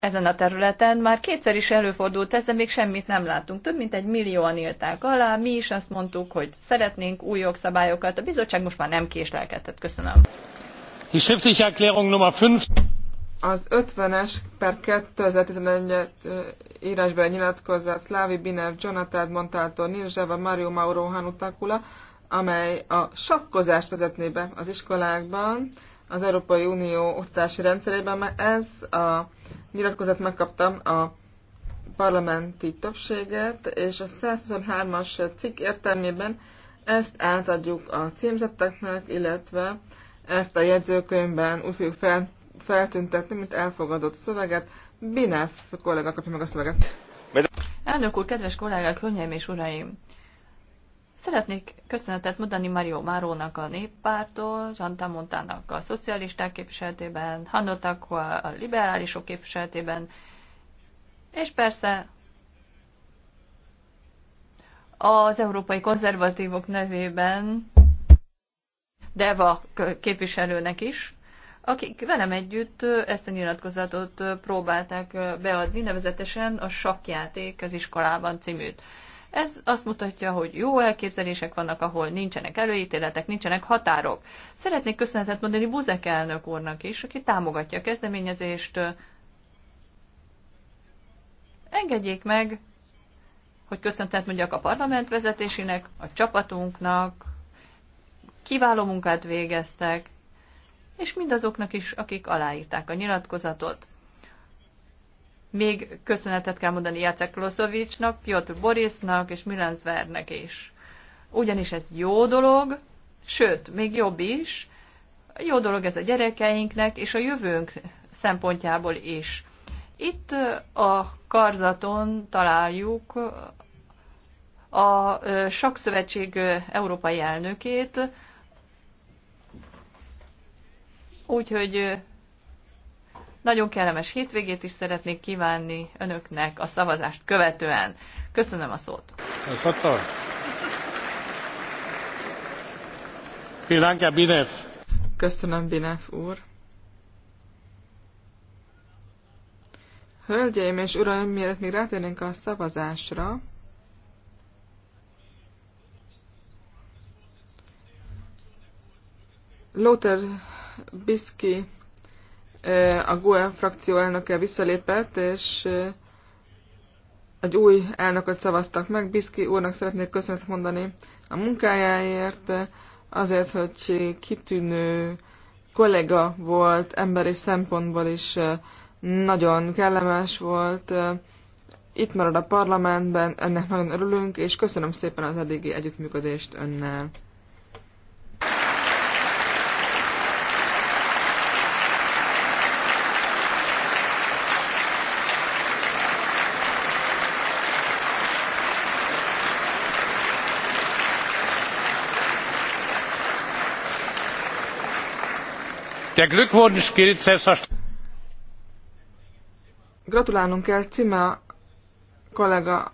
ezen a területen. Már kétszer is előfordult ez, de még semmit nem láttunk. Több mint egy millióan írták alá, mi is azt mondtuk, hogy szeretnénk új jogszabályokat. A bizottság most már nem késlelkedett. Köszönöm. Die schriftliche Erklärung Nummer 5. Az 50-es per 2011 írásban nyilatkozza Slavi Binev, Jonathan Montalto, Nirzseva, Mario Mauro Hanutakula, amely a sakkozást vezetné be az iskolákban, az Európai Unió oktatási rendszerében, mert ez a nyilatkozat megkaptam a parlamenti többséget, és a 123-as cikk értelmében ezt átadjuk a címzetteknek, illetve ezt a jegyzőkönyvben úgy fogjuk fel, feltüntetni, mint elfogadott szöveget. Binef kollega kapja meg a szöveget. Elnök úr, kedves kollégák, hölgyeim és uraim! Szeretnék köszönetet mondani Mario Márónak a néppártól, Zsanta Montának a szocialisták képviseletében, Hanotak a liberálisok képviseletében, és persze az európai konzervatívok nevében Deva képviselőnek is, akik velem együtt ezt a nyilatkozatot próbálták beadni, nevezetesen a Sakjáték az iskolában címűt. Ez azt mutatja, hogy jó elképzelések vannak, ahol nincsenek előítéletek, nincsenek határok. Szeretnék köszönetet mondani Buzek elnök úrnak is, aki támogatja a kezdeményezést. Engedjék meg, hogy köszöntet mondjak a parlament vezetésének, a csapatunknak, kiváló munkát végeztek, és mindazoknak is, akik aláírták a nyilatkozatot. Még köszönetet kell mondani Jacek Klosovicsnak, Piotr Borisnak és Milan Zvernek is. Ugyanis ez jó dolog, sőt, még jobb is, jó dolog ez a gyerekeinknek és a jövőnk szempontjából is. Itt a karzaton találjuk a Sakszövetség európai elnökét, úgyhogy nagyon kellemes hétvégét is szeretnék kívánni önöknek a szavazást követően. Köszönöm a szót. Köszönöm, Binev úr. Hölgyeim és uraim, mielőtt még rátérnénk a szavazásra, Lothar Biszki a GUE frakció elnöke visszalépett, és egy új elnököt szavaztak meg. Biszki úrnak szeretnék köszönet mondani a munkájáért, azért, hogy kitűnő kollega volt, emberi szempontból is nagyon kellemes volt. Itt marad a parlamentben, ennek nagyon örülünk, és köszönöm szépen az eddigi együttműködést önnel. Der Glückwunsch gilt selbstverständlich. Gratulálnunk kell Cima kollega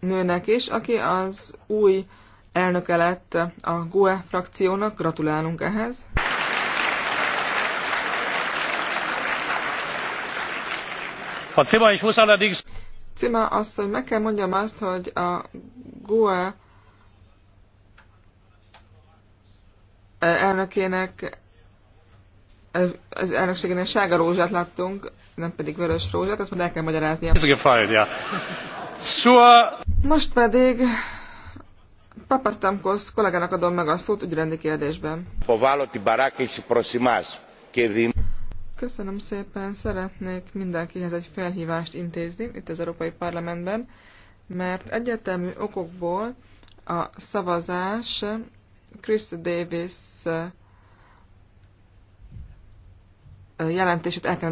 nőnek is, aki az új elnöke lett a GUE frakciónak. Gratulálunk ehhez. Frau Zimmer, ich muss allerdings... asszony, meg kell mondjam azt, hogy a GUE elnökének az elnökségen egy sárga rózsát láttunk, nem pedig vörös rózsát, ezt majd el kell magyarázni. Ez a fájl, ja. Szóval- Most pedig Papasztamkosz kollégának adom meg a szót ügyrendi kérdésben. Köszönöm szépen, szeretnék mindenkihez egy felhívást intézni itt az Európai Parlamentben, mert egyetemű okokból a szavazás Chris Davis jelentését el kell